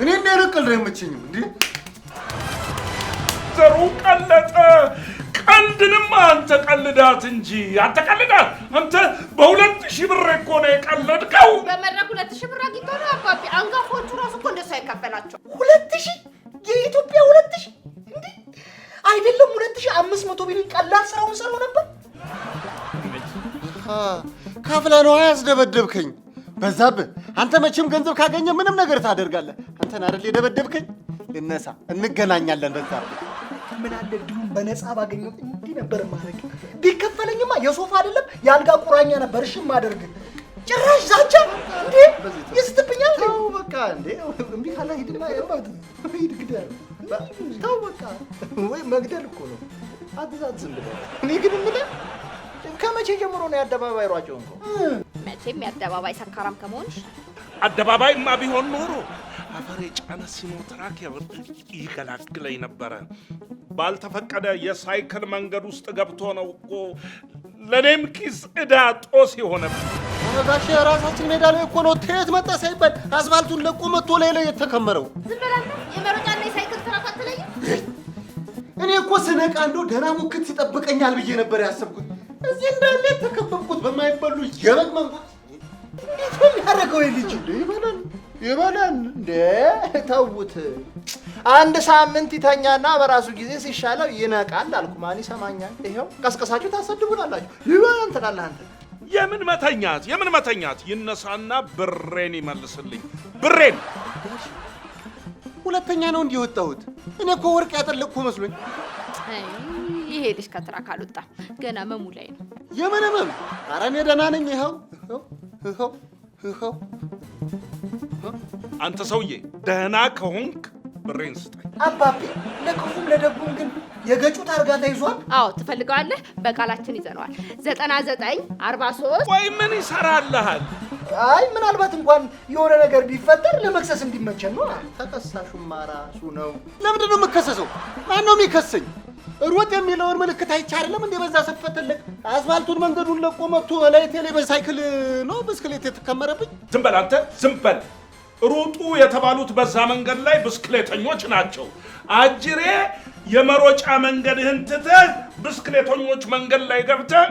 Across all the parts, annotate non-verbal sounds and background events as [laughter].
እኔ እንደ እንዳይነት ቀልድ አይመቸኝም። እንዴ ዘሩ ቀለጠ። ቀልድንማ አንተ ቀልዳት እንጂ አንተ ቀልዳት። አንተ በሁለት ሺህ ብር እኮ ነው የቀለድከው። በመድረክ ሁለት ሺህ ብር አግኝቶ ነው አባቢ። አንጋፎቹ ራሱ እኮ እንደሱ አይቀበላቸው። ሁለት ሺህ የኢትዮጵያ ሁለት ሺህ እንዴ አይደለም ሁለት ሺህ አምስት መቶ ቢሉኝ ቀላል ስራውን ሰሩ ነበር። ከፍለህ ነዋ ያስደበደብከኝ። በዛብህ አንተ መቼም ገንዘብ ካገኘ ምንም ነገር ታደርጋለህ። አንተን አይደል የደበደብከኝ? እነሳ እንገናኛለን። በዛ ምን አለ ድሩን በነፃ ባገኘው እንዲህ ነበር ማድረግ። ቢከፈለኝማ የሶፋ አይደለም የአልጋ ቁራኛ ነበር። እሺ ማደርግ ጭራሽ ዛቻ እንዴ ይስትብኛል። ተው በቃ እንዴ እምቢ ካለ ሂድና ያባት ሂድ ግደል። ተው በቃ ወይ መግደል እኮ ነው። አትዛት ዝም ብለ እኔ ግን የምልህ ከመቼ ጀምሮ ነው የአደባባይ ሯጭው? እንኳ መቼም የአደባባይ ሰካራም ከመሆንሽ አደባባይማ ቢሆን ኖሮ አፈር የጫነ ሲኖትራክ ይገላግለኝ ነበረ። ባልተፈቀደ የሳይክል መንገድ ውስጥ ገብቶ ነው እኮ ለእኔም ኪስ ዕዳ ጦስ የሆነ ጋሽ የራሳችን ሜዳ ላይ እኮ ነው ተየት መጣ ሳይባል አስፋልቱን ለቆ መጥቶ ላይ ላይ የተከመረው። እኔ እኮ ስነቃ እንደው ደህና ሙክት ይጠብቀኛል ብዬ ነበር ያሰብኩት። እዚህ እንዳለ የተከበብኩት በማይበሉ የበግ መንጎት። እንዴት ነው የሚያደርገው? የልጅ ይበላል ይበላል እንዴ? ተውት። አንድ ሳምንት ይተኛና በራሱ ጊዜ ሲሻለው ይነቃል አልኩ። ማን ይሰማኛል? ይኸው ቀስቀሳችሁ ታሰድቡናላችሁ። ይበላል ትላለህ አንተ። የምን መተኛት የምን መተኛት? ይነሳና ብሬን ይመልስልኝ። ብሬን ሁለተኛ ነው እንዲወጣሁት። እኔ እኮ ወርቅ ያጠለቅኩ መስሎኝ። ይሄ ልጅ ከትራ ካልወጣ ገና መሙ ላይ ነው። የምን መም? ኧረ እኔ ደህና ነኝ። ይኸው ይኸው አንተ ሰውዬ ደህና ከሆንክ ብሬን ስጠኝ። አባቤ ለክፉም ለደጉም ግን የገጩ ታርጋ ተይዟል። አዎ ትፈልገዋለህ፣ በቃላችን ይዘነዋል። ዘጠና ዘጠኝ አርባ ሶስት ወይ ምን ይሰራልሃል? አይ ምናልባት እንኳን የሆነ ነገር ቢፈጠር ለመክሰስ እንዲመቸን ነው። ተከሳሹማ ራሱ ነው። ለምንድን ነው የምከሰሰው? ማን ነው የሚከሰኝ? ሮጥ የሚለውን ምልክት አይቼ አይደለም እንደ በዛ ስትፈትልቅ አስፋልቱን መንገዱን ለቆ መጥቶ ላይ በሳይክል ነው ብስክሌት የተከመረብኝ። ዝም በል አንተ ዝም በል። ሩጡ የተባሉት በዛ መንገድ ላይ ብስክሌተኞች ናቸው። አጅሬ የመሮጫ መንገድህን ትተህ ብስክሌተኞች መንገድ ላይ ገብተህ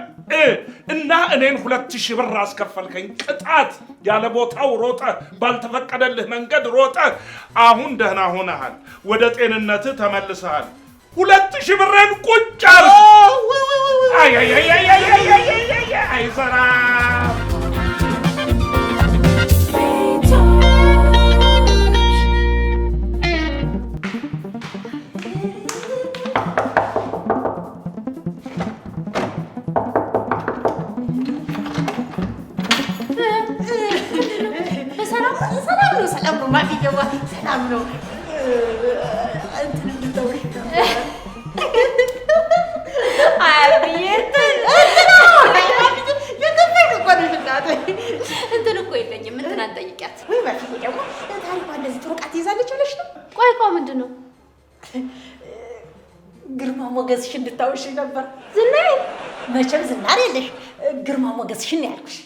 እና እኔን ሁለት ሺህ ብር አስከፈልከኝ ቅጣት። ያለ ቦታው ሮጠህ ባልተፈቀደልህ መንገድ ሮጠህ አሁን ደህና ሆነሃል። ወደ ጤንነትህ ተመልሰሃል። ሁለት ሺህ ብሬን ቁጭ አይሰራ ሰላም ነው። ሰላም ነው። ማፊ ገባ። ሰላም ነው። እንትን እኮ የለኝም። እንትን አንጠይቂያት ወይ በፊት ደግሞ ታሪኳ እንደዚህ ጥሩ ዕቃ ብለሽ ነው። ቆይ ቆይ ምንድን ነው ግርማ ሞገስሽ እንድታውሽኝ ነበር። ዝናዬ መቼም ዝናር የለሽ ግርማ ሞገስሽን ያልኩሽ።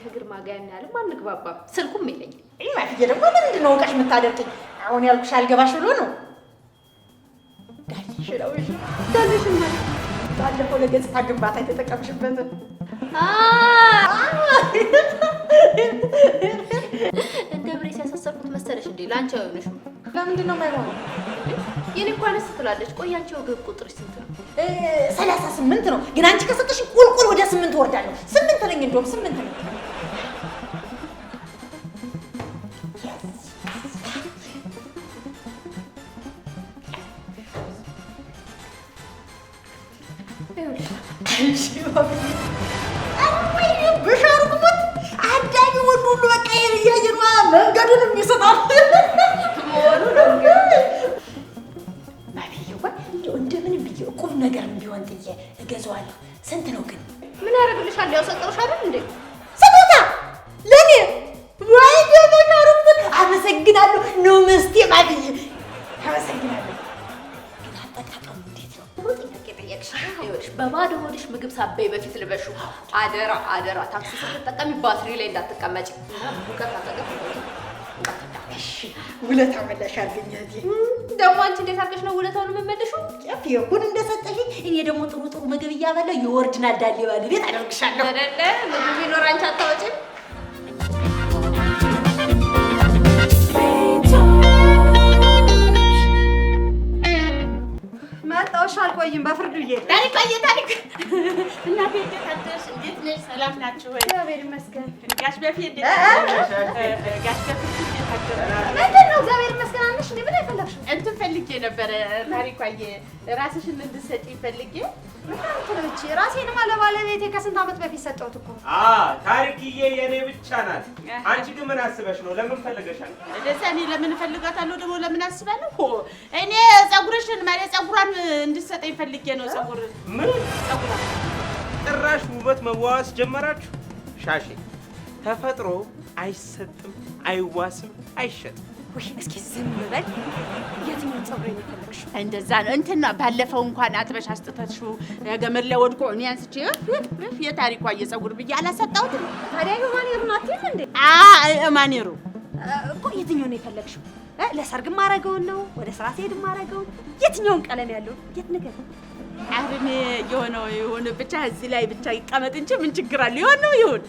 ከግርማ ጋር ያናልም አንግባባም። ስልኩም የለኝም። ይሄ ደግሞ ለምንድን ነው ዕቃሽ የምታደርቅኝ? አሁን ያልኩሽ አልገባሽ ብሎ ነው ባለፈው ለገጽታ ግንባታ የተጠቀምሽበት እንደ ብሬስ ያሳሰብኩት መሰለሽ እንዴ? ለአንቺ አይሆንሽም። ለምንድን ነው የማይሆነው? የኔ እኮ አነስ ትላለች። ቆይ አንቺ ወገብ ቁጥርሽ ስንት ነው? ሰላሳ ስምንት ነው። ግን አንቺ ከሰጠሽ ቁልቁል ወደ ስምንት ወርዳለሁ። ስምንት ነኝ፣ እንደውም ስምንት ነኝ። ብሻርጉት አዳሚ ወንድ ሁሉ በቃ እያየ መንገዱንም ይሰጣል። እንደምንም ብዬ ቁም ነገር ቢሆን ጥዬ እገዛዋለሁ። ስንት ነው ግን? ምን ያደርግልሻል? ያው ሰጠውሻል ሀገሯ ታክሲ ስትጠቀሚ ባትሪ ላይ እንዳትቀመጭ ውለት አመላሽ ውለታ ደግሞ አንቺ እንዴት አድርገሽ ነው ውለታውን የምመልሺው? ጨፍ የሁን እንደሰጠሽ እኔ ደግሞ ጥሩ ጥሩ ምግብ እያበላሁ የወርድና ዳሌ ባለቤት አደርግሻለሁ። ምግብ ቢኖር አንቺ አታወጪም ጨርሼ አልቆይም። በፍርዱዬ ታሪቆየ ታሪክ እናቴ ታደሽ እንዴት ነሽ? ሰላም ናችሁ ወይ? እግዚአብሔር ይመስገን። ጋሽ በፊት ጋሽ በፊት ምንድን ነው? እግዚአብሔር ይመስገን አለሽ። እንደ ምን አይፈለግሽም? እንትን ፈልጌ ነበረ ታሪኳዬ፣ ራስሽን እንድትሰጪ ፈልጌ ትች ራሴንማ ለባለቤቴ ከስንት ዓመት በፊት ሰጠሁት እኮ። ታሪክዬ የእኔ ብቻ ናት። አንቺ ግን ምን አስበሽ ነው? ለምን ፈልገሻል? እንደዚያ እኔ ለምን እፈልጋታለሁ ደግሞ ለምን አስባለሁ? እኔ ፀጉርሽን ማለት ፀጉሯን እንድትሰጠኝ ፈልጌ ነው። ፀጉር ምን? ፀጉሯን ጭራሽ ውበት መዋዋስ ጀመራችሁ ሻሼ ተፈጥሮ አይሰጥም፣ አይዋስም፣ አይሸጥም። ወይ እስኪ ዝም በል። የትኛው ጸጉር እንደዛ ነው እንትና ባለፈው እንኳን አጥበሽ አስጥተሽ ገመድ ላይ ወድቆ እኔ አንስቼ የታሪኳ የጸጉር ብዬ አላሰጣሁትም። ታዲያ እንዴ? ማኔሩ እኮ የትኛው ነው የፈለግሽው? ለሰርግ ማረገውን ነው ወደ ስራ ሲሄድ ማረገውን የትኛውን ቀለም የት አርም የሆነው ይሁን ብቻ እዚህ ላይ ብቻ ይቀመጥ እንጂ ምን ችግር አለ? የሆነው ይሁን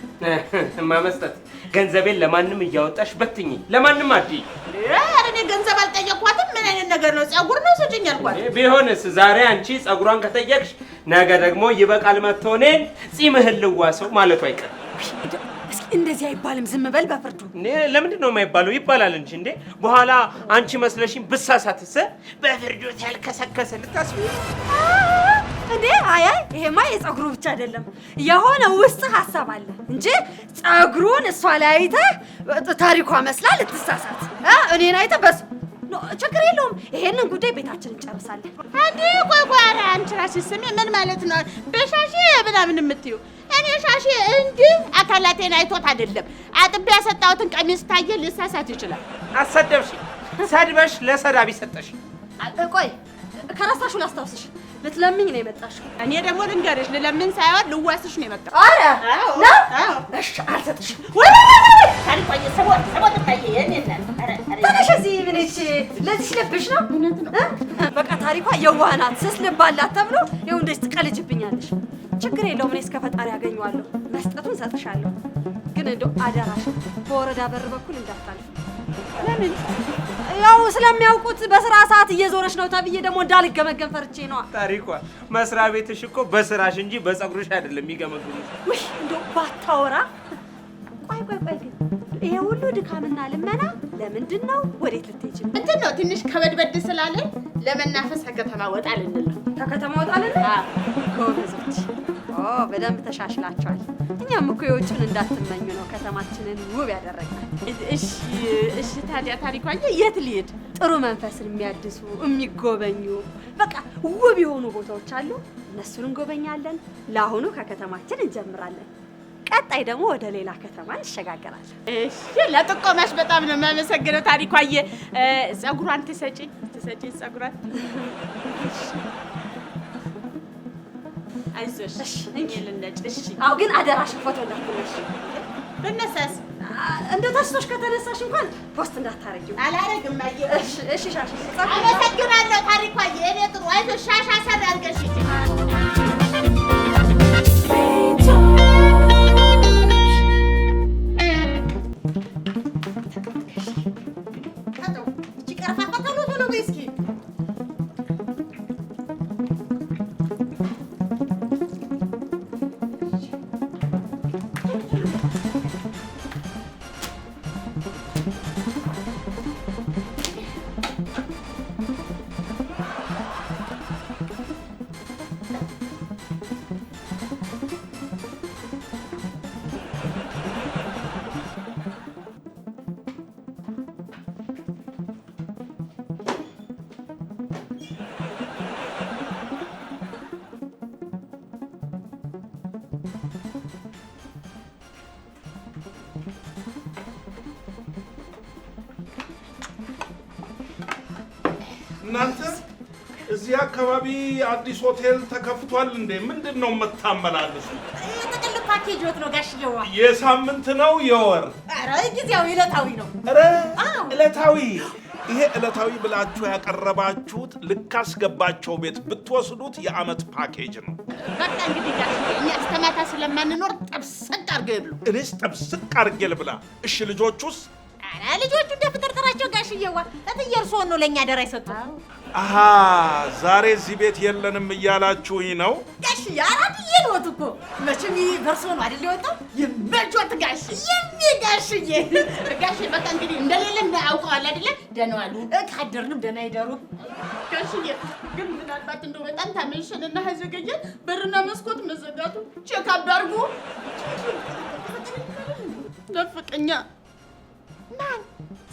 ማመስጠት ገንዘቤን ለማንም እያወጣሽ በትኝ ለማንም አዲ እኔ ገንዘብ አልጠየኳትም። ምን አይነት ነገር ነው? ጸጉር ነው ስጭኝ አልኳት። ቢሆንስ ዛሬ አንቺ ጸጉሯን ከጠየቅሽ ነገ ደግሞ ይበቃል መጥቶ እኔን ጺምህን ልዋሰው ማለቱ አይቀርም። እንደዚህ አይባልም። ዝም በል በፍርዱ። ለምንድን ነው የማይባለው? ይባላል እንጂ እንዴ። በኋላ አንቺ መስለሽኝ ብሳሳትሰ በፍርዱ ያልከሰከሰ ልታስ እንዴ? አያይ ይሄማ የጸጉሩ ብቻ አይደለም የሆነ ውስጥ ሀሳብ አለ እንጂ ጸጉሩን እሷ ላይ አይተህ ታሪኳ መስላ ልትሳሳት እኔን አይተህ በሱ ችግር የለውም። ይሄንን ጉዳይ ቤታችን እንጨርሳለን። እንዲ ቆይ ቆይ፣ ኧረ አንቺ እራስሽ ስሜ ምን ማለት ነው? በሻሽ ምናምን የምትይው እኔ ሻሽ እንዲህ አካላቴን አይቶት አይደለም። አጥቤ ያሰጣሁትን ቀሚስ ታየ ልሳሳት ይችላል። አሰደብሽ ሰድበሽ ለሰዳቢ ሰጠሽ። ቆይ ከረሳሹ አስታውስሽ ልትለምኝ ነው የመጣሽው? እኔ ደግሞ ልንገርሽ፣ ልለምን ሳይሆን ልዋስሽ ነው የመጣው። ኧረ እሺ አልሰጥሽም። ለዚህ ልብሽ ነው? በቃ ታሪኳ የዋህ ናት፣ ስስ ልብ አላት ተብሎ ይኸው እንደዚህ ትቀልጅብኛለሽ። ችግር የለውም፣ እኔ እስከ ፈጣሪ ያገኘዋለሁ። መስጠቱን ሰጥሻለሁ፣ ግን እንደው አደራሽ በወረዳ በር በኩል እንዳታልፍ ለምን? ያው ስለሚያውቁት በስራ ሰዓት እየዞረች ነው ተብዬ ደግሞ እንዳልገመገም ፈርቼ ነዋ። ታሪኳ መስሪያ ቤትሽ እኮ በስራሽ እንጂ በፀጉርሽ አይደለም የሚገመግሙሽ። ውይ እንደው ባታወራ። ቆይ ቆይ ቆይ ግን ይሄ ሁሉ ድካምና ልመና ለምንድን ነው? ወዴት ልትሄጂ? እንትን ነው ትንሽ ከበድበድ ስላለን ለመናፈስ ከከተማ ወጣ ልንል ከከተማ ወጣ ልንል ጎበዞች በደንብ ተሻሽላቸዋል። እኛም እኮ የውጭን እንዳትመኙ ነው ከተማችንን ውብ ያደረጋል። እሺ እሺ። ታዲያ ታሪኳየ የት ልሄድ? ጥሩ መንፈስን የሚያድሱ የሚጎበኙ በቃ ውብ የሆኑ ቦታዎች አሉ። እነሱን እንጎበኛለን። ለአሁኑ ከከተማችን እንጀምራለን። ቀጣይ ደግሞ ወደ ሌላ ከተማ እንሸጋገራለን። ለጥቆማሽ በጣም ነው የማመሰግነው ታሪኳየ። ፀጉሯን ትሰጪኝ ትሰጪኝ ፀጉሯን አይዞሽ እኔ ልነጭ። እሺ ግን አደራሽን ፎቶ እንዳትነሽ። ብነሳስ እንደው ተስቶሽ ከተነሳሽ እንኳን ፖስት እንዳታረጊው። አላረግም። እሺ፣ አመሰግናለሁ ታሪኳዬ። እኔ ጥሩ አይዞሽ። ሻሽ አሰር አድርገሽ እዚህ አካባቢ አዲስ ሆቴል ተከፍቷል እንዴ? ምንድን ነው የምታመላልሱ? የጥቅል ፓኬጅ ወት ነው ጋሽዬዋ። የሳምንት ነው የወር? ኧረ ጊዜያዊ ዕለታዊ ነው። ኧረ ዕለታዊ ይሄ ዕለታዊ ብላችሁ ያቀረባችሁት ልካስገባቸው ቤት ብትወስዱት የዓመት ፓኬጅ ነው። በቃ እንግዲህ ጋር እኛ እስከማታ ስለማንኖር ጠብስቅ አርገ ይብሉ። እኔስ ጠብስቅ አርጌ ልብላ። እሺ ልጆቹስ? ኧረ ልጆቹ እንደ ፍጥርጥራቸው ጋሽዬዋ፣ እትዬ እርስዎን ነው ለእኛ ደራ ይሰጡ አሀ ዛሬ እዚህ ቤት የለንም እያላችሁኝ ነው? ጋሽ አራትዬ ልወት እኮ መቼም በርሶ ነው አይደል የወጣው? የመጆት ጋሽ የሚ ጋሽዬ ጋሽ በቃ እንግዲህ እንደሌለ እንዳያውቀዋል አይደለ? ደህና ዋሉ ካደርንም ደህና ይደሩ። ጋሽዬ ግን ምናልባት እንደው በጣም እና ሀይዘገየን በርና መስኮት መዘጋቱ ቼክ አዳርጉ። ለፍቅኛ ማን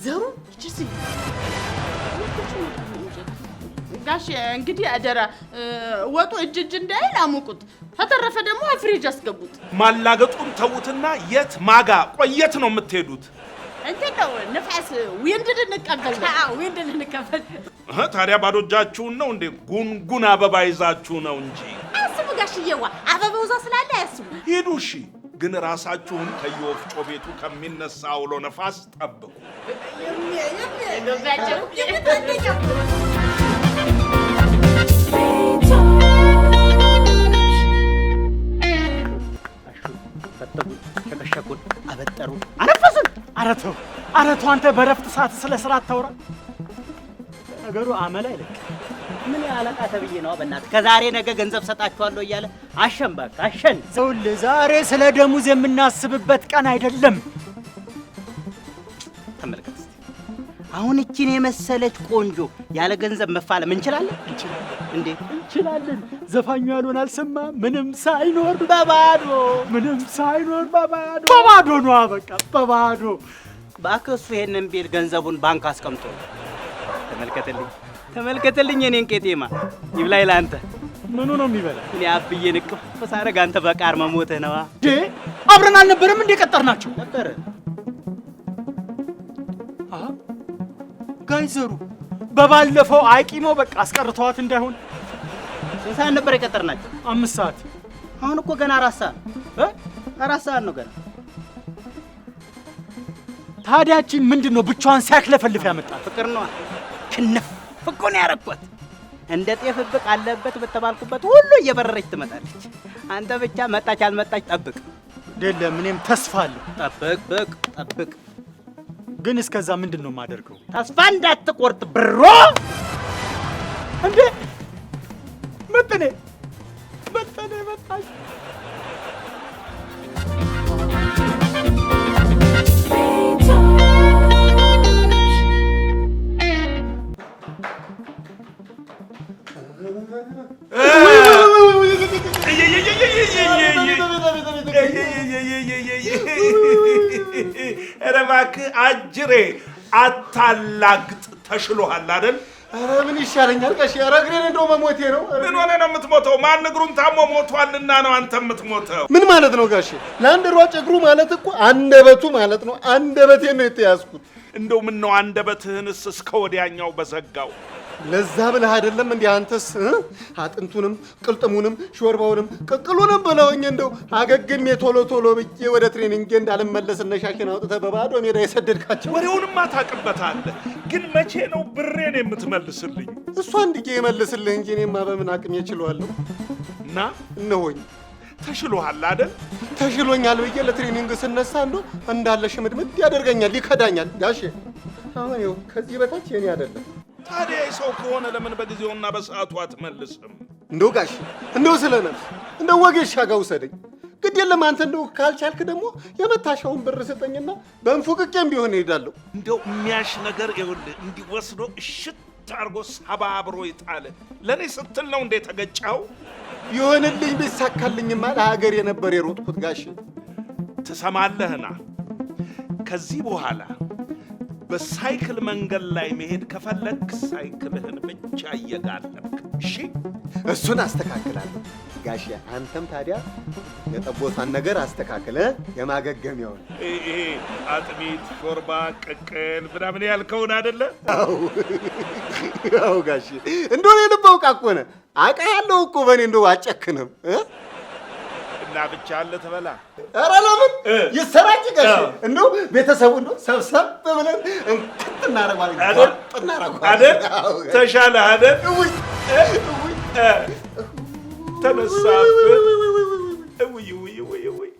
ዘሩ ችስ ጋሽ እንግዲህ አደራ ወጡ እጅ እጅ እንዳይል አሙቁት። ከተረፈ ደግሞ ፍሪጅ አስገቡት። ማላገጡን ተዉትና የት ማጋ ቆየት ነው የምትሄዱት? እንትን ነው ንፋስ ዊንድ ልንቀበል ዊንድ ልንቀበል። ታዲያ ባዶ እጃችሁን ነው እንዴ? ጉንጉን አበባ ይዛችሁ ነው እንጂ። ስላለ አያስቡ። ሂዱ እሺ ግን ራሳችሁን ከየወፍጮ ቤቱ ከሚነሳ አውሎ ነፋስ ጠብቁ። ተፈተጉ፣ ሸቀሸቁን፣ አበጠሩን፣ አነፈስን። አረቶ አረቶ አንተ በረፍት ሰዓት ስለ ስራ አታውራ። ነገሩ አመል አይለቅ። ምን ያለቃ ተብዬ ነው በእናት ከዛሬ ነገ ገንዘብ ሰጣችኋለሁ እያለ አሸን፣ እባክህ አሸን። ሰውል ዛሬ ስለ ደሞዝ የምናስብበት ቀን አይደለም። አሁን እችን የመሰለች ቆንጆ ያለ ገንዘብ መፋለም እንችላለን? እንዴ እንችላለን? ዘፋኙ ያልሆን አልሰማ ምንም ሳይኖር በባዶ ምንም ሳይኖር በባዶ በባዶ ነው አበቃ በባዶ በአክሱ ይሄንን ቤል ገንዘቡን ባንክ አስቀምጦ ተመልከተልኝ፣ ተመልከተልኝ እኔን ቄጤማ ይብላኝ ለአንተ ምኑ ነው የሚበላ? እኔ አብዬ ንቅፍ ሳረግ አንተ በቃር መሞትህ ነዋ። አብረን አልነበረም እንዴ ቀጠር ናቸው ነበረ አይዘሩ በባለፈው አቂሞ በቃ አስቀርተዋት እንዳይሆን። ስንት ሰዓት ነበር የቀጠርናቸው? አምስት ሰዓት። አሁን እኮ ገና አራት ሰዓት አራት ሰዓት ነው ገና። ታዲያችን ምንድን ነው ብቻዋን ሲያክለፈልፍ ያመጣት? ፍቅር ነዋ። ክንፍ ፍቁን ያረኳት። እንደ ጤፍ ብቅ አለበት በተባልኩበት ሁሉ እየበረረች ትመጣለች። አንተ ብቻ መጣች አልመጣች ጠብቅ። አይደለም እኔም ተስፋ አለሁ። ጠብቅ ጠብቅ ግን እስከዛ ምንድን ነው የማደርገው? ተስፋ እንዳትቆርጥ ብሮ እንዴ ልታላግጥ ተሽሎሃል አይደል? ኧረ ምን ይሻለኛል ቀሺ? ኧረ እግሬን እንደው መሞቴ ነው። ምን ሆነ ነው የምትሞተው? ማን እግሩን ታሞ ሞቷልና ነው አንተ የምትሞተው? ምን ማለት ነው ጋሼ? ለአንድ ሯጭ እግሩ ማለት እኮ አንደበቱ ማለት ነው። አንደበቴ ነው የተያዝኩት። እንደው ምነው አንደበትህንስ እስከ ወዲያኛው በዘጋው ለዛ ብለህ አይደለም እንዲ አንተስ አጥንቱንም ቅልጥሙንም ሾርባውንም ቅቅሉንም ብለውኝ እንደው አገግሜ ቶሎ ቶሎ ብዬ ወደ ትሬኒንጌ እንዳልመለስ እነሻሽን አውጥተህ በባዶ ሜዳ የሰደድካቸው። ወሬውንማ ታውቅበታለህ፣ ግን መቼ ነው ብሬን የምትመልስልኝ? እሱ አንድ ጊዜ የመልስልህ እንጂ እኔማ በምን አቅም የችለዋለሁ እና እነሆኝ ተሽሎሃል አደል ተሽሎኛል ብዬ ለትሬኒንግ ስነሳ እንዶ እንዳለ ሽምድምድ ያደርገኛል፣ ይከዳኛል። ጋሼ አሁን ከዚህ በታች የኔ አይደለም። ታዲያ የሰው ከሆነ ለምን በጊዜውና በሰዓቱ አትመልስም? እንደው ጋሽ እንደው ስለ ነፍስ እንደው ወጌሻ ጋር ውሰደኝ። ግድ የለም አንተ እንደው ካልቻልክ ደግሞ የመታሻውን ብር ስጠኝና በእንፉቅቄም ቢሆን እሄዳለሁ። እንደው የሚያሽ ነገር ይኸውልህ እንዲወስዶ እሽት አድርጎ ሰባብሮ ይጣል። ለእኔ ስትል ነው እንዴ ተገጫው? ይሆንልኝ ቢሳካልኝማ ለሀገር የነበር የሮጥኩት ጋሽ ትሰማለህና ከዚህ በኋላ በሳይክል መንገድ ላይ መሄድ ከፈለግክ ሳይክልህን ብቻ እየጋለብክ እሺ፣ እሱን አስተካክላለሁ ጋሼ። አንተም ታዲያ የጠቦቷን ነገር አስተካክለ የማገገሚያውን ይሄ አጥሚት፣ ሾርባ፣ ቅቅል ምናምን ያልከውን አደለ? አዎ ጋሼ፣ እንደሆነ የልባው ቃቆነ አቃ ያለው እኮ በእኔ እንደ አጨክንም እና ብቻ አለ ተበላ። ኧረ ለምን ይሰራጭ ጋሽ እንደው ቤተሰቡ እንደው ሰብሰብ ብለን እንቅጥ እናደርገዋለን አይደል? አይደል? ተሻለ አይደል? እውይ እውይ ተነሳብህ። እውይ እውይ እውይ እውይ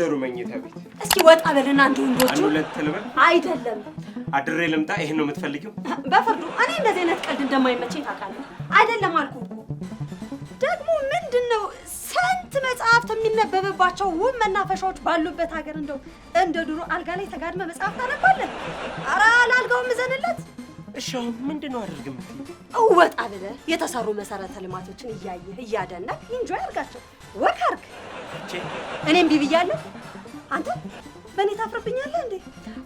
የዘሩ መኝታ ቤት። እስኪ ወጣ በልና አንዱ ወንዶቹ ሁለት ልበል። አይደለም አድሬ ልምጣ። ይሄን ነው የምትፈልጊው? በፍርዱ እኔ እንደዚህ አይነት ቀልድ እንደማይመቸኝ ታውቃለህ። አይደለም አልኩ ደግሞ ምንድን ነው ስንት መጽሐፍት የሚነበብባቸው ውብ መናፈሻዎች ባሉበት ሀገር እንደው እንደ ድሮ አልጋ ላይ ተጋድመ መጽሐፍት አነባለን። ኧረ አልጋውም እዘንለት እሺ አሁን ምንድን ነው አድርግ የምትይው? እወጣ ብለህ የተሰሩ መሰረተ ልማቶችን እያየህ እያደነህ ኢንጆይ አድርጋቸው። ወክ አድርግ። እኔም እምቢ ብያለሁ። አንተ በእኔ ታፍርብኛለህ እንዴ?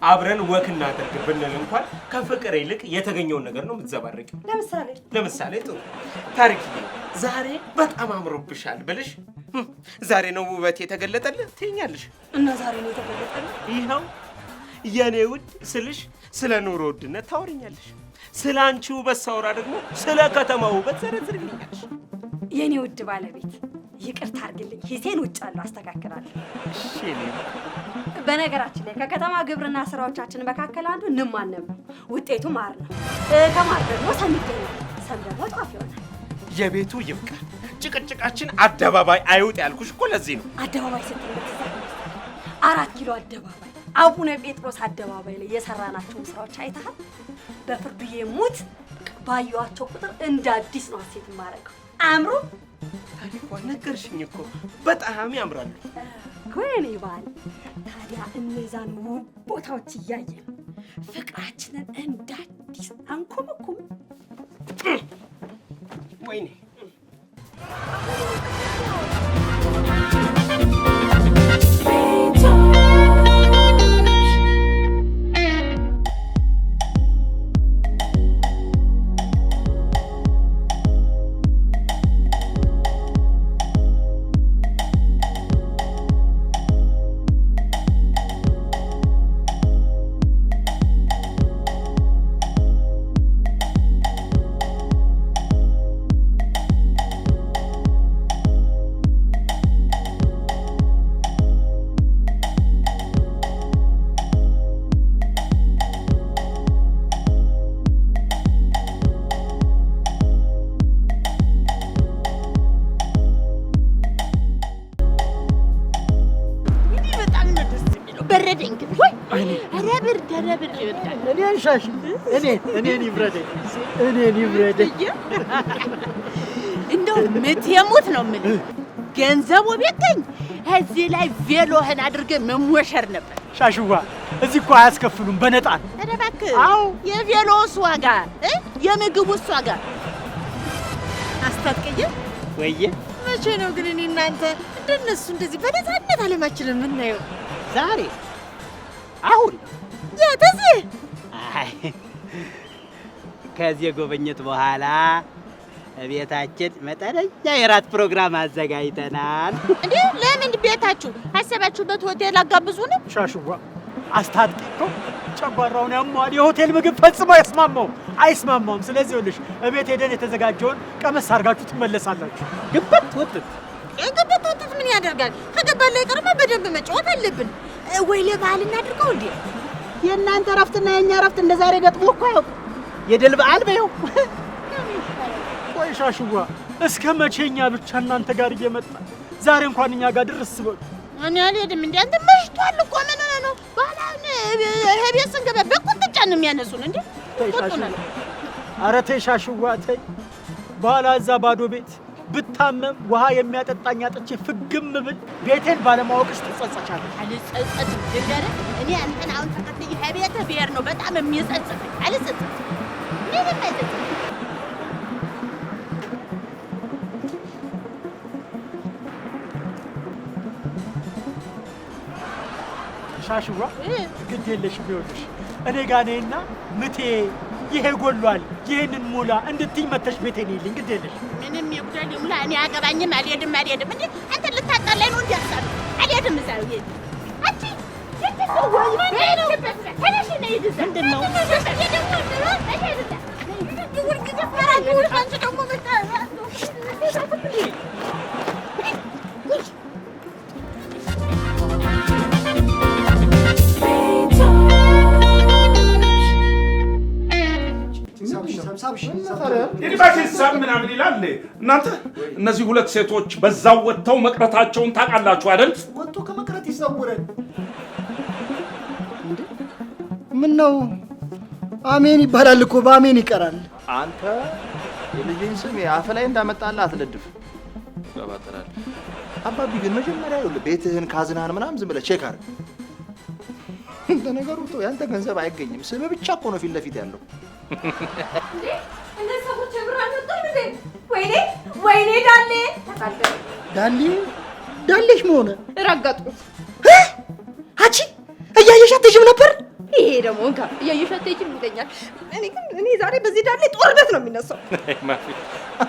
አብረን ወክ እናደርግ ብንል እንኳን ከፍቅር ይልቅ የተገኘውን ነገር ነው የምትዘባርቂው። ለምሳሌ ለምሳሌ ጥሩ ታሪክ ዛሬ በጣም አምሮብሻል ብልሽ ዛሬ ነው ውበት የተገለጠልህ ትይኛለሽ። እና ዛሬ ነው የተገለጠልህ ይኸው የኔ ውድ ስልሽ ስለ ኑሮ ውድነት ታወሪኛለሽ። ስለ አንቺ ውበት ሳውራ ደግሞ ስለ ከተማ ውበት ዘረዝርልኛለሽ። የእኔ ውድ ባለቤት ይቅርታ አድርግልኝ፣ ሂሴን ውጭ አሉ አስተካክላለሁ። በነገራችን ላይ ከከተማ ግብርና ስራዎቻችን መካከል አንዱ ንማን ነበር። ውጤቱ ማር ነው። ከማር ደግሞ ሰም ይገኛል። ሰም ደግሞ ጧፍ ይሆናል። የቤቱ ይብቃል። ጭቅጭቃችን አደባባይ አይውጥ ያልኩሽ እኮ ለዚህ ነው። አደባባይ ስትል አራት ኪሎ አደባባይ አቡነ ጴጥሮስ አደባባይ ላይ የሰራናቸውን ስራዎች አይተሃል። በፍርዱዬ ሙት ባየኋቸው ቁጥር እንደ አዲስ ነው ሴት ማረገው። አእምሮ ታሪኳ ነገርሽኝ እኮ በጣም ያምራሉ። ኮኔ ባል ታዲያ እነዛን ውብ ቦታዎች እያየን ፍቅራችንን እንደ አዲስ አንኮመኩም። ወይኔ እግዚአብሔር እኔ እንሻሽ እኔ ይብረደኝ ይብረደኝ። እንደው ምት የሙት ነው የምልህ። ገንዘቡ ቤተኝ እዚህ ላይ ቬሎህን አድርገህ መሞሸር ነበር። ሻሽዋ እዚህ እኮ አያስከፍሉም በነጣ ነው። ኧረ እባክህ አዎ፣ የቬሎስ ዋጋ የምግቡስ ዋጋ ወየ። መቼ ነው ግን እኔ እናንተ እንደነሱ እንደዚህ በነፃነት አለማችን የምናየው? ዛሬ አሁን የትዝ ከዚህ ጉብኝት በኋላ ቤታችን መጠነኛ የራት ፕሮግራም አዘጋጅተናል። እንዴ ለምን ቤታችሁ አሰባችሁበት ሆቴል አጋብዙን። ሻሽዋ ጨጓራውን ያሟል። የሆቴል ምግብ ፈጽሞ አይስማማውም አይስማማውም። ስለዚህ እቤት ሄደን የተዘጋጀውን ቀመስ አድርጋችሁ ትመለሳላችሁ። ግበት ወጥት ግበት ወጥት ምን ያደርጋል? ከገባ ላይ ቀርማ በደንብ መጫወት አለብን ወይ ለባህል እናድርገው እንዴ የእናንተ እረፍትና የእኛ እረፍት እንደ ዛሬ ገጥሞ እኮ ያው የድል በዓል በይው። ቆይ ሻሽዋ፣ እስከ መቼ እኛ ብቻ እናንተ ጋር እየመጣ ዛሬ እንኳን እኛ ጋር ድረስ በሉ። እኔ አልሄድም። እንደ አንተ መሽቷል እኮ ምን ሆነህ ነው? በኋላ ይሄ ቤት ስንገባ በቁንጥጫ ነው የሚያነሱን እንዴ። ኧረ ተይ ሻሽዋ ተይ፣ በኋላ እዛ ባዶ ቤት ብታመም ውሃ የሚያጠጣኝ አጥቼ ፍግም ብል ቤቴን ባለማወቅሽ ትጸጸቻለሽ። አልጸጸት ድንገር እኔ አንተን አሁን ተከትዬ ከቤተ ብሔር ነው በጣም የሚጸጸት አልጸጸት ምንም አይጸጸት ሻሽዋ ግድ የለሽ ቢሆንሽ እኔ ጋኔና ምቴ ይሄ ጎሏል ይህንን ሙላ እንድትኝ መተሽ ቤቴን ይልኝ ግድ የለሽ እኔ አገባኝም አልሄድም አልሄድም። እንደ አንተ ልታጣላኝ ነው። አልሄድም እዛ ነው ምንድን ነው? ሂድባሽሳብ ምናምን ይላል። እናንተ እነዚህ ሁለት ሴቶች በዛው ወጥተው መቅረታቸውን ታውቃላችሁ አይደል? ወጥቶ ከመቅረት ይሰውረን። ምነው አሜን ይባላል እኮ በአሜን ይቀራል። አንተ የልጅን ስም አፍ ላይ እንዳመጣልህ አትለድፍ። አባቢ ግን መጀመሪያ ይኸውልህ ቤትህን ካዝናህን ምናምን ዝም ብለህ ቼክ አድርግ። ለነገሩ ያንተ ገንዘብ አይገኝም። ስም ብቻ እኮ ነው ፊት ለፊት ያለው ወይኔ ዳሌ ዳሌ ዳሌሽ መሆነ ረገጡት። አንቺ እያየሽ አትሄጂም ነበር። ይሄ ደግሞ እንካ እያየሽ አትሄጂም ይለኛል። እኔ ዛሬ በዚህ ዳሌ ጦርነት ነው የሚነሳው።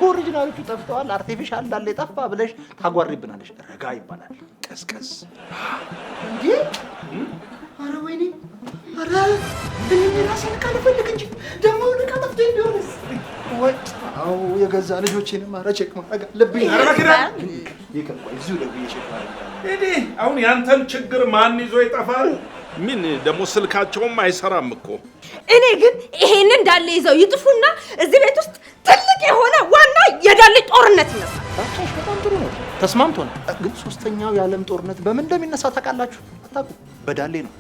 ኦሪጂናሎቹ ጠፍተዋል። አርቲፊሻል ዳሌ ጠፋ ብለሽ ታጓሪብናለሽ። ረጋ ይባላል። ቀዝቀዝ እንዴ! ኧረ ወይኔ! ኧረ እኔ እራሴን ካልፈልግ እንጂ አዎ የገዛ ልጆቼንም ቼክ አሁን ያንተን ችግር ማን ይዞ ይጠፋል? ምን ደግሞ ስልካቸውም አይሰራም እኮ። እኔ ግን ይሄን እንዳለ ይዘው ይጥፉና እዚህ ቤት ውስጥ ትልቅ የሆነ ዋና የዳሌ ጦርነት ይነሳል። በጣም ጥሩ ነው። ተስማምቶነ ግን ሶስተኛው የዓለም ጦርነት በምን እንደሚነሳ ታውቃላችሁ? አታቁ በዳሌ ነው።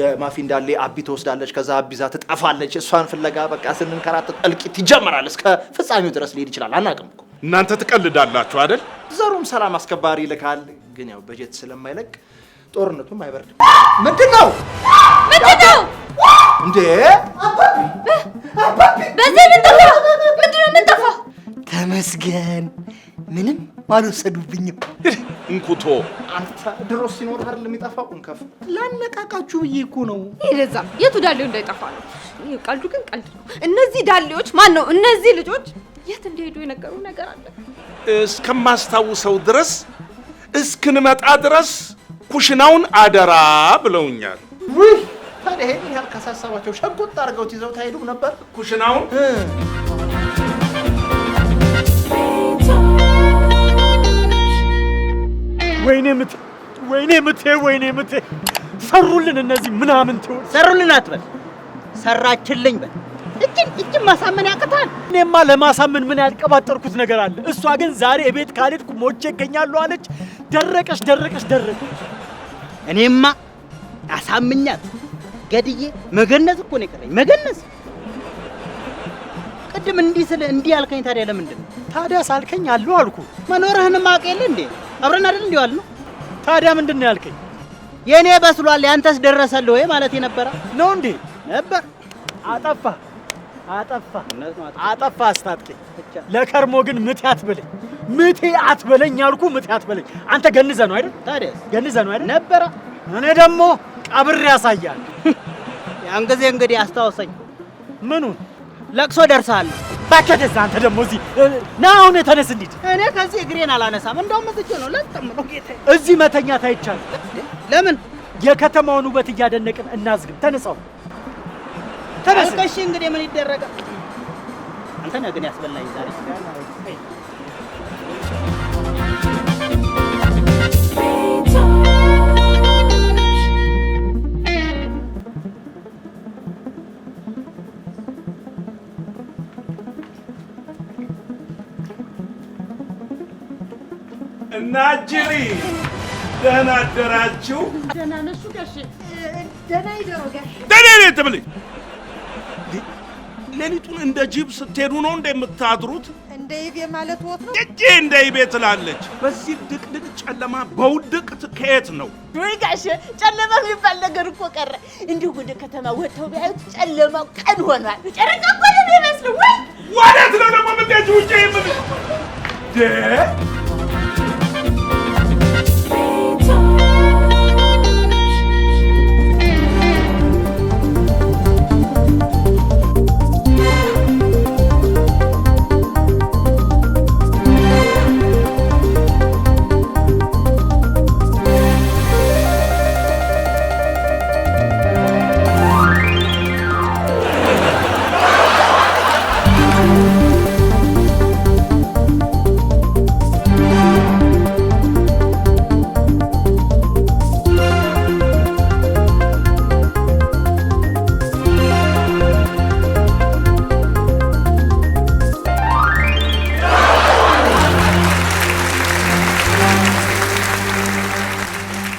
የማፊ ዳሌ አቢ ትወስዳለች፣ ከዛ አቢዛ ትጠፋለች። እሷን ፍለጋ በቃ ስንንከራተት እልቂት ይጀምራል። እስከ ፍጻሜው ድረስ ሊሄድ ይችላል። አናቅም እኮ እናንተ ትቀልዳላችሁ አይደል? ዘሩም ሰላም አስከባሪ ይልካል፣ ግን ያው በጀት ስለማይለቅ ጦርነቱም አይበርድም። ምንድን ነው ምንድን ነው እንዴ? በዚህ ምንጠፋ ምንድነው? ምንጠፋ ተመስገን ምንም አልወሰዱብኝ። እንኩቶ አንተ ድሮ ሲኖር አይደል የሚጠፋው? እንከፍ ላነቃቃችሁ ብዬ እኮ ነው። ይለዛ የቱ ዳሌው እንዳይጠፋ ነው። ቀልዱ ግን ቀልድ ነው። እነዚህ ዳሌዎች ማን ነው? እነዚህ ልጆች የት እንደሄዱ የነገሩ ነገር አለ። እስከማስታውሰው ድረስ እስክንመጣ ድረስ ኩሽናውን አደራ ብለውኛል። ውይ ታዲያ ይሄን ያህል ካሳሰባቸው ሸጎጥ አድርገውት ይዘው ታሄዱም ነበር ኩሽናውን ወይኔ ምት ወይኔ ወይኔ ሰሩልን። እነዚህ ምናምን ትሆን ሰሩልን አትበል፣ ሰራችልኝ በል። እጅን እጅን ማሳመን ያቅታል። እኔማ ለማሳመን ምን ያልቀባጠርኩት ነገር አለ። እሷ ግን ዛሬ እቤት ካልሄድኩ ሞቼ እገኛለሁ አለች። ደረቀች ደረቀች ደረቀች። እኔማ አሳምኛት ገድዬ መገነዝ እኮ ነው የቀረኝ መገነዝ። ቅድም እንዲህ እንዲህ ያልከኝ ታዲያ ለምንድን ነው ታዲያ ሳልከኝ አልኩ። የለ እንዴ አብረን አይደል እንዲሁ አሉ። ታዲያ ምንድን ነው ያልከኝ? የእኔ በስሏል ያንተስ ደረሰልህ ወይ ማለት የነበረ ነው እንዴ? ነበር አጠፋ አጠፋ አጠፋ አስታጥቄ ለከርሞ ግን ምቴ አትበለኝ፣ ምቴ አትበለኝ ያልኩ ምቴ አትበለኝ። አንተ ገንዘ ነው አይደል? ታዲያ ገንዘ ነው አይደል? ነበረ እኔ ደግሞ ቀብር ያሳያል። [laughs] ያን ጊዜ እንግዲህ አስታውሰኝ። ምኑን ለቅሶ ደርሳለሁ ባከደዛ አንተ ደግሞ እዚህ ና፣ አሁን ተነስ እንሂድ። እኔ ከዚህ እግሬን አላነሳም፣ እንደውም እዚህ ነው ለጥም ነው ጌታ። እዚህ መተኛት አይቻልም። ለምን? የከተማውን ውበት እያደነቅን እናዝግም። ተነሳው፣ ተነስ። እሺ እንግዲህ ምን ይደረጋል? አንተ ነህ ግን ያስበላኝ ዛሬ እና ጅሪ ደህና አደራችሁ። ደህና ነሽ ጋሼ? ደህና ይደሩ ጋሼ። ደህና ሌሊቱን እንደ ጅብ ስትሄዱ ነው እንደምታድሩት? እንደ ይቤ ማለት ወት ነው እጄ እንደ ይቤ ትላለች። በዚህ ድቅድቅ ጨለማ በውድቅት ከየት ነው ወይ ጋሼ? ጨለማ የሚባል ነገር እኮ ቀረ። እንዲሁ ወደ ከተማ ወጥተው ቢያዩት ጨለማው ቀን ሆኗል። ጨረቃ እኮ ነው ወይ ወዴት ነው ደግሞ የምትሄጂው? ውጭ ይምል